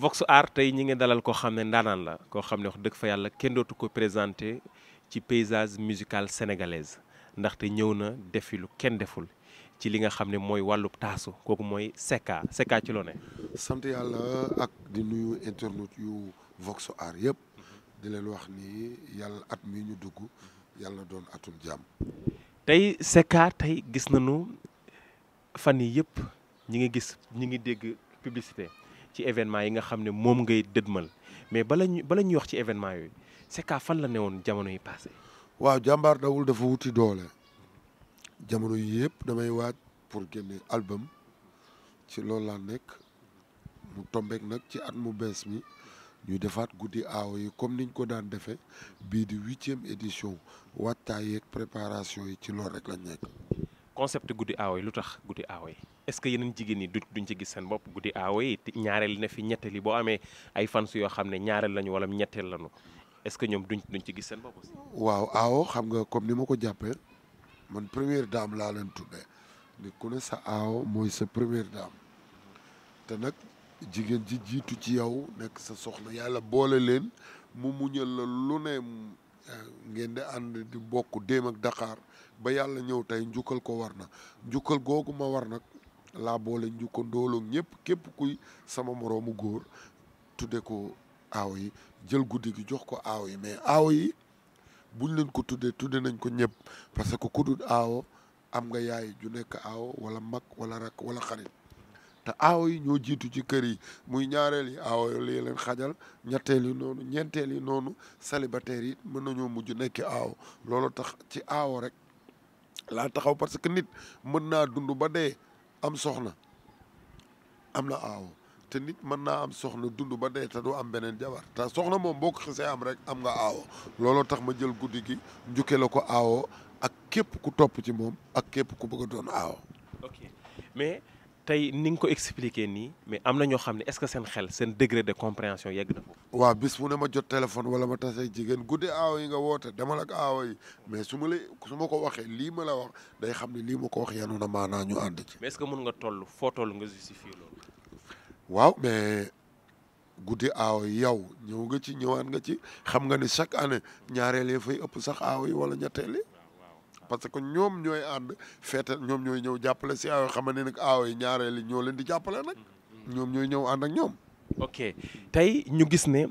Vox Art tey ñi ngi dalal koo xam ne ndaanaan la koo xam ne wax dëgg fa yàlla kenn dootu ko présenté ci paysage musical sénégalaise ndaxte ñëw na defi lu kenn deful ci li nga xam ne mooy wàllu taasu kooku mooy Secka Secka ci loo ne sant yàlla ak di nuyu internet yu Vox Art yëpp di leen wax ni yàlla at mi ñu dugg yàlla doon atum jàmm. tey Secka tey gis nañu fan yi yëpp ñi ngi gis ñi ngi dégg publicité. ci événement yi nga xam ne moom ngay mal mais bala ñu bala ñuy wax ci événement yooyu Secka fan la newoon jamono yi passé waaw jàmbaar dawul dafa wuti doole jamono yi yëpp damay waaj pour génne album ci loolu laa nekk mu tombeek nag ci at mu bees mi ñu defaat guddi aaw yi comme niñ ko daan defee bii di huitième édition waajtaay yeeg préparation yi ci loolu rek lañ nekk. concept guddi aaw yi lu tax guddi aaw yi. est-ce que yeneen jigéen ñi du duñ ci gis seen bopp guddi aawo yi ñaareel na fi ñetteel yi boo amee ay fans yoo xam ne ñaareel lañu wala ñetteel lañu est-ce que ñoom duñ duñ ci gis seen bopp waaw aawo xam nga comme ni ma ko jàppee man première daam laa leen tuddee ni ku ne sa aawo mooy sa première daam te nag jigéen ji jiitu ci yow nekk sa soxna yàlla boole leen mu muñal la lu ne eh, ngeen di ànd di bokk déem ak daqaar ba yàlla ñëw tey njukkal ko war na njukkal googu ma war nag laa boole ñu ko ndooloog ñëpp képp kuy sama moroomu góor tudde ko aaw yi jël guddi gi jox ko aaw yi mais aaw yi buñ leen ko tuddee tudde nañ ko ñëpp parce que ku dul aawo am nga yaay ju nekk aaw wala mag wala rak wala xarit te aaw yi ñoo jiitu ci kër yi muy ñaareel yi aaw yi leen xajal ñetteel yi noonu ñeenteel yi noonu célibataire yi mën nañoo mujj nekki aaw loolu tax ci aaw rek laa taxaw parce que nit mën naa dund ba dee am soxna am na aawo te nit mën naa am soxna dund ba dee te du am beneen jabar te soxna moom boo ko xisee am rek am nga aawo looloo tax ma jël guddi gi njukke la ko aawo ak képp ku topp ci moom ak képp ku bëgg a doon aawo tey ni nga ko expliqué nii mais am na ñoo xam ne est-ce que seen xel seen degré de compréhension yegg na ko. waa bis mu ne ma jot téléphone wala ma tasee jigéen guddi aaw yi nga woote demal ak aaw yi mais su ma la su ma ko waxee lii ma la wax day xam ne lii ma ko wax yanu na maanaa ñu ànd ci. mais est-ce que mun nga toll foo toll nga justifier loolu. waaw mais guddi aaw yi yow ñëw nga ci ñëwaat nga ci xam nga ni chaque année ñaareel yi fay ëpp sax aaw yi wala ñetteel yi parce que ñoom ñooy ànd feete ñoom ñooy ñëw jàppale si aaw xam ne nag aaw a ñaareel yi ñoo leen di jàppale nag mm-hmm. ñoom ñooy ñëw ànd ak ñoom ok tey ñu gis ne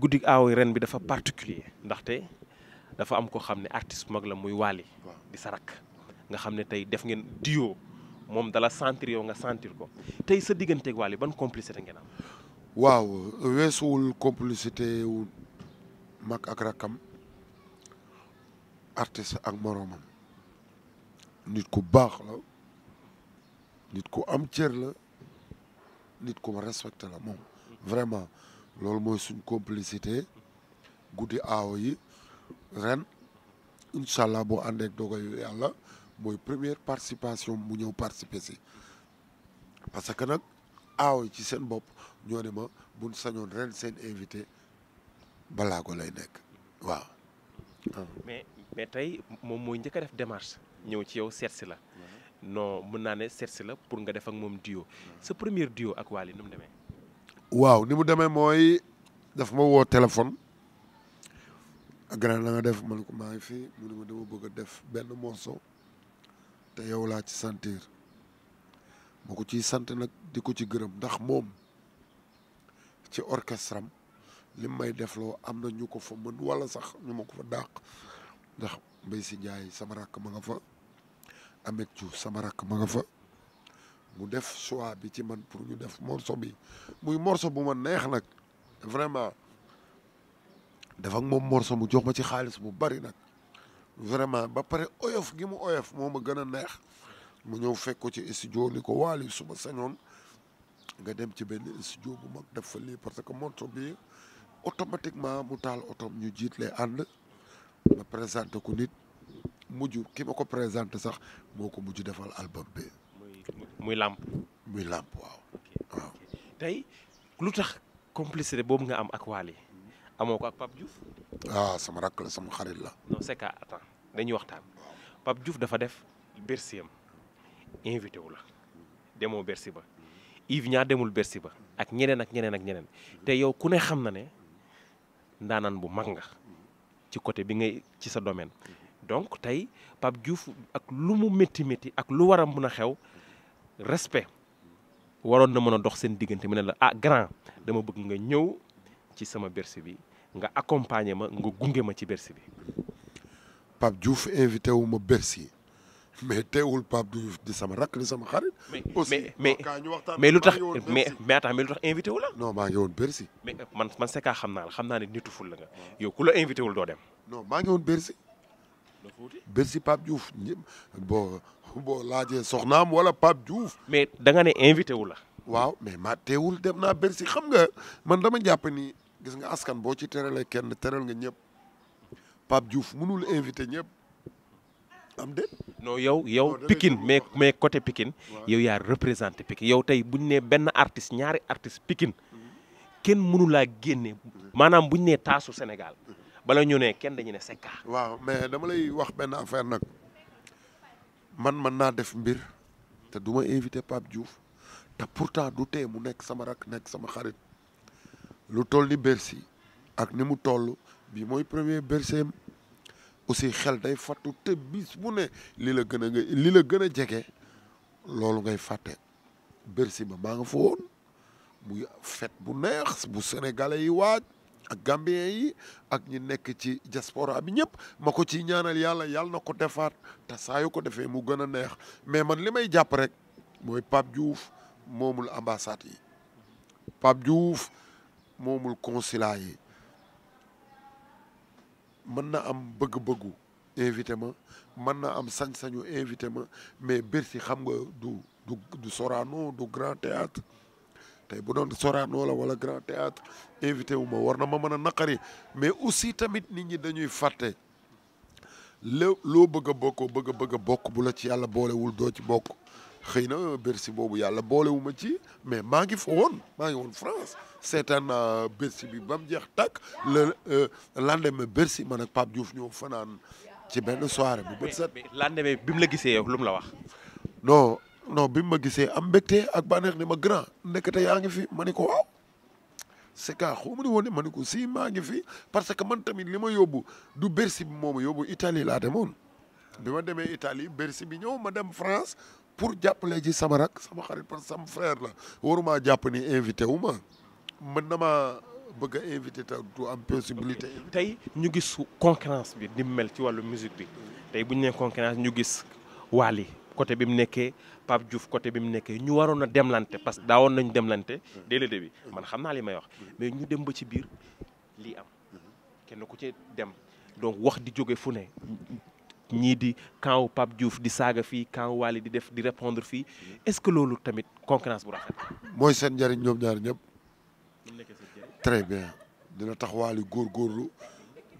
guddi aaw yi ren bi dafa particulier ndaxte dafa am ko xam ne artiste bu mag la muy Wally di sa rakk nga xam ne tey def ngeen duo moom dala sentir yow nga sentir ko tey sa digganteek Wally ban complicité ngeen am waaw weesuwul complicité mag ak rakkam artiste ak moroomam nit ku baax la nit ku am cër la nit ku ma la moom vraiment loolu mooy suñ complicité guddi aaw yi ren incha allah boo àndee ak dogal yàlla mooy première participation mu ñëw participer si parce que nag aaw yi ci seen bopp ñoo ne ma buñ sañoon ren seen invité balaa ko lay nekk waaw Ah. mais mais tey moom mooy njëkk a def démarche ñëw ci yow seet la noo mën naa ne seet la pour nga def ak moom duo sa premier duo ak waali ni mu demee waaw ni mu demee mooy daf ma woo téléphone grand na nga def man ko maa ngi fi mu ne ma dama bëgg a def benn morceau te yow laa ci sentir ma ko ciy sant nag di ko ci gërëm ndax moom ci orchestre li may def loo am na ñu ko fa mën wala sax ñu ma ko fa dàq ndax bay si njaay sama rakk ma nga fa amet Diouf sama rakk ma nga fa mu def choix bi ci man pour ñu def morso bi muy morso bu ma neex nag vraiment dafa ak moom morso mu jox ma ci xaalis bu bari nag vraiment ba pare oyof gi mu oyof moom ma gën a neex mu ñëw fekk ko ci studio ni ko waali su ma sañoon nga dem ci benn studio bu mag def fa lii parce que morceau bi automatiquement mu taal otoom ñu jiit lay ànd ma présenté ko nit mujj ki ma ko présenté sax moo ko mujj defal album bi. muy làmp muy làmp waaw. waaw tey lu tax complicité boobu nga am ak Wally amoo ko ak Pape Diouf. ah sama rakk la sama xarit la. non c'est dañuy waxtaan. Pape Diouf dafa def Bercy am invité wu la demoo Bercy ba mm-hmm. Yves Niang demul bersi ba ak ñeneen ak ñeneen ak ñeneen mm-hmm. te yow ku ne xam na ne. ndaanaan bu mag nga ci côté bi ngay ci sa domaine donc tey Pape Diouf ak lu mu métti métti ak lu war a mën a xew respect waroon na mën a dox seen diggante mu ne la ah grand dama bëgg nga ñëw ci sama berse bi nga accompagner ma nga gunge ma ci berse bi Pape Diouf invité wu ma mais teewul Pape Diouf di sama rakk di sama xarit. aussi mais mais lu tax mais mais tax mais lu tax invité wu la. non maa ngi woon Bercy. mais man man Secka xam naa la xam naa ne nitu ful la nga. yow ku la invité wul doo dem. non maa ngi woon Bercy. Bercy Pape Diouf ñëpp boo boo laajee soxnaam wala Pape Diouf. mais da nga ne invité wu la. waaw mais ma teewul dem naa Bercy xam nga man dama jàpp ni gis nga askan boo ci teralee kenn teral nga ñëpp Pape Diouf mënul invité ñëpp. am déet noo yow yow Pikine mais mais côté pikin yow yaa représenté Pikine yow tey bu ñu nee benn artiste ñaari artiste pikin kenn mënu laa génne maanaam buñ ñu nee taasu Sénégal bala ñu ne kenn dañu ne Secka. waaw mais dama lay wax benn affaire nag man mën naa def mbir te du ma invité Pape Diouf te pourtant du tee mu nekk sama rak nekk sama xarit lu toll ni Bercy ak ni mu toll bi mooy premier Bercy si xel day fattu te bis bu ne li la gën a la gën a jege loolu ngay fàtte bersi ba maa nga fa woon muy fête bu neex bu sénégalais yi waaj ak gambien yi ak ñu nekk ci diaspora bi ñëpp ma ko ci ñaanal yàlla yàlla na ko defaat te saa yu ko defee mu gën a neex mais man li may jàpp rek mooy Pape Diouf moomul ambassade yi Pape Diouf moomul consulat yi mën na am bëgg-bëggu invité ma mën na am sañ-sañu invité ma mais Bercy xam nga du du du Sorano du Grand Théâtre tey bu doon Sorano la wala Grand Théâtre invité wu ma war na ma mën a naqari mais aussi tamit nit ñi dañuy fàtte loo loo bëgg a bokkoo bëgg bëgg bokk bu la ci yàlla boolewul doo ci bokk xëy na Bercy boobu yàlla boolewuma ci mais maa ngi fa woon France seetaan naa Bercy bi ba mu jeex takk le euh, lendemain Bercy man ak Pape Diouf fanaan ci benn soirée bu bët set. lendemain bi mu la gisee yow lu la wax. non non bi mu ma gisee am mbégte ak bànneex ni ma grand nekkate yaa ngi fi ma ni ko waaw. c'est que ma ne woon ne ma ni ko si maa ngi fi parce que man tamit li ma yóbbu du Bercy bi moom ma yóbbu Italie laa demoon. bi ma demee Italie Bercy bi ñëw ma dem France pour jàppale ji sama rak sama xarit parce que sama frère la waruma jàpp ni invité wu ma. mën na maa bëgg a invité am possibilité. tey ñu gis concurrence bi di mu mel ci wàllu musique bi tey bu ñu nee concurrence ñu gis Wally côté bi mu nekkee Pape jouf côté bi mu nekkee ñu waroon a demlante parce que daawoon nañu demlante dès bi man xam naa li may wax mais ñu dem ba ci biir lii am kenn ku ci dem donc wax di jóge fu ne ñii di camp Pape jouf di saaga fii kaaw Wally di def di répondre fii est-ce que loolu tamit concurrence bu rafet mooy seen njëriñ ñoom ñaar ñëpp très bien dina tax Waly góorgóorlu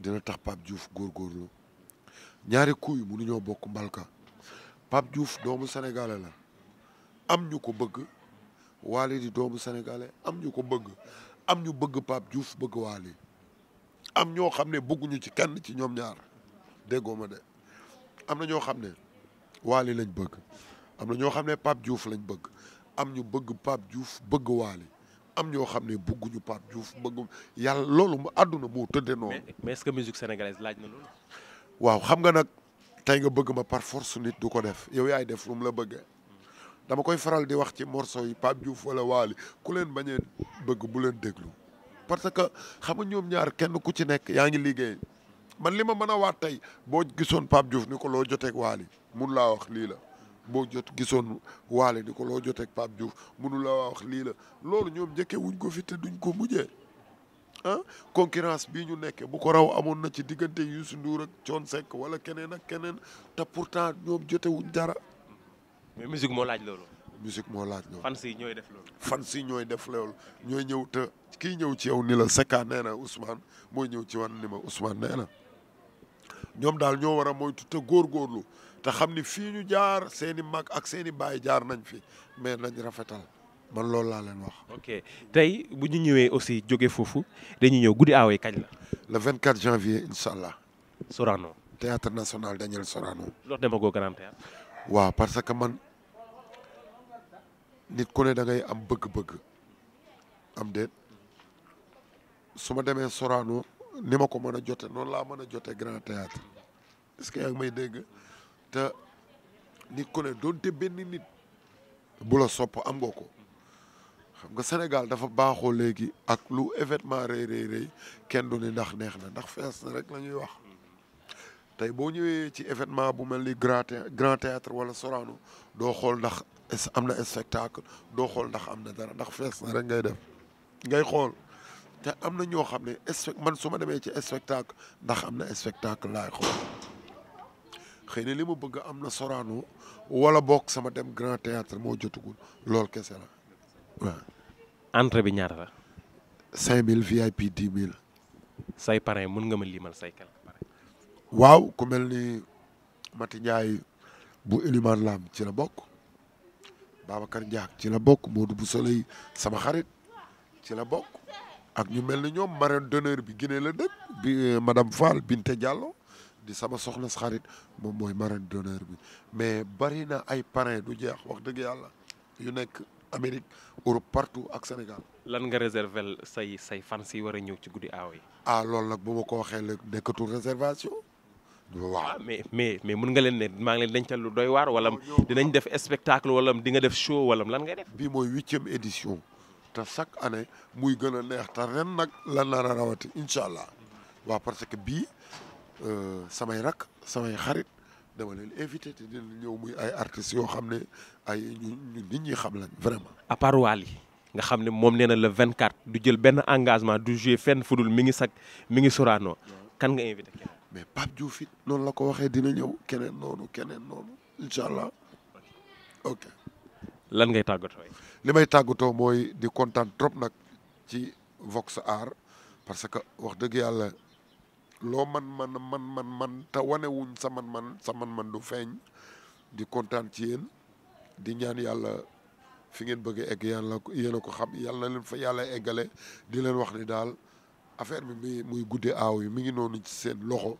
dina tax Pape Diouf góorgóorlu ñaari coups yi mënuñoo bokk balka Pape juuf doomu sénégalais la am ñu ko bëgg Waly di doomu sénégalais am ñu ko bëgg am ñu bëgg Pape juuf bëgg Waly am ñoo xam ne bëgguñu ci kenn ci ñoom ñaar déggoo ma de am na ñoo xam ne Waly lañ bëgg am na ñoo xam ne Pape Diouf lañ bëgg am ñu bëgg Pape Diouf bëgg Waly am ñoo xam ne bëgguñu Pape Diouf bëggu yàlla loolu ma àdduna moo tëdde noonu. mais est-ce laaj na loolu. waaw xam nga nag tey nga bëgg ma par force nit du ko def yow yaay def lu mu la bëggee dama koy faral di wax ci morceau yi Pape Diouf wala Waly ku leen bañee bëgg bu leen déglu parce que xam nga ñoom ñaar kenn ku ci nekk yaa ngi liggéey man li ma mën a waat tey boo gisoon Pape Diouf ni ko loo joteeg Waly mun laa wax lii la. boo jot gisoon waale ni ko loo joteek Pape Diouf mënu la wax lii la loolu ñoom njëkkee wuñ ko fi duñ ko mujjee ah concurrence bii ñu nekkee bu ko raw amoon na ci diggante Youssou Ndour ak Thione Seck wala keneen ak keneen te pourtant ñoom jote wuñ dara. mais musique moo laaj loolu. musique moo laaj loolu. fans yi ñooy def loolu. fans yi ñooy def loolu ñooy ñëw te kii ñëw ci yow ni la Secka nee na mooy ñëw ci wan ni ma Ousmane nee na ñoom daal ñoo war a moytu te góorlu te xam ni fii ñu jaar seeni mag ak seeni i baay jaar nañ fi mais nañ rafetal man loolu laa leen wax. ok tey bu ñu ñëwee aussi jóge foofu dañuy ñëw guddi aawee kañ la. le 24 janvier incha allah. Sorano. théâtre national Daniel Sorano. loolu demagoo grand théâtre. waaw parce que man nit ku da ngay am bëgg-bëgg am déet su ma demee Sorano ni ma ko mën a jote noonu laa mën a jote grand théâtre que may dégg. te nit ku ne doonte benn nit bu la sopp am nga ko xam nga Sénégal dafa baaxoo léegi ak lu événement rëy rëy kenn du ni ndax neex na ndax fees na rek la ñuy wax tey boo ñëwee ci événement bu mel ni grand grand wala Sorano doo xool ndax am na spectacle doo xool ndax am na dara ndax fees na rek ngay def ngay xool te am na ñoo xam ne man su ma demee ci spectacle ndax am na spectacle laay xool xëy na li ma bëgg am na Sorano wala bokk sama dem grand théâtre moo jotugul loolu kese la waaw. entrée bi ñaata la. 5000 VIP 10000. say parrain mën nga ma limal say waaw ku mel ni Mati Ndiaye bu Elimane Lam ci la bokk Babacar Ndiak ci la bokk Modou bu Soleil sama xarit ci la bokk ak ñu mel ni ñoom marraine d'honneur bi Guinée la dëkk bi euh, madame Fall Binte Diallo. di sama soxna xarit moom mooy marraine d'honneur bi mais bari na ay parrain du jeex wax dëgg yàlla yu nekk Amérique Europe partout ak Sénégal. lan nga réserver say say fans yi war a ñëw ci guddi aaw yi. Ah, loolu nag bu ma ko waxee la nekkatul réservation. waaw ah, mais mais mais mun nga leen ne maa ngi leen dencal lu doy waar wala dinañ def spectacle wala di nga def show wala lan def. bii mooy huitième édition te chaque année muy gën a neex te ren nag lan la rawati incha allah waaw parce que bii Euh, samay rak samay xarit dama leen invité te dinañ ñëw muy ay artistes yoo xam ne ay ñu nit ñi xam lañ vraiment. à nga xam ne moom nee la vingt 24 du jël benn engagement du jouer fenn fudul mi ngi sag mi ngi Sorano kan nga invité. mais Pape Diouf it noonu la ko waxee dina ñëw keneen noonu keneen noonu incha allah ok. lan ngay tàggatoo li may tàggatoo mooy di kontaan trop nag ci Vox Art parce que wax dëgg yàlla. loo man man man man man te wanewuñ sa man man sa man man du feeñ di kontaan ci yéen di ñaan yàlla fi ngeen bëgg egg yàlla yéen a ko xam yàlla na leen fa yàlla eggale di leen wax ni daal affaire bi mi muy guddi aaw yi mi ngi noonu ci seen loxo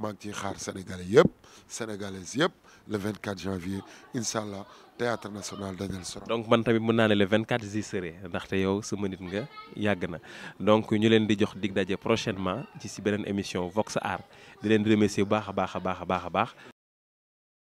maa ngi ciy xaar sénégalais yëpp sénégalaise yëpp le 24 janvier incha allah théâtre national Daniel Sorano donc man tamit mën naa ne le 24 j'y serai ndaxte yow sama nit nga yàgg na donc ñu leen di jox dig daje prochainement ci si beneen émission Vox Art di leen remercier bu baax a baax a baax a baax a baax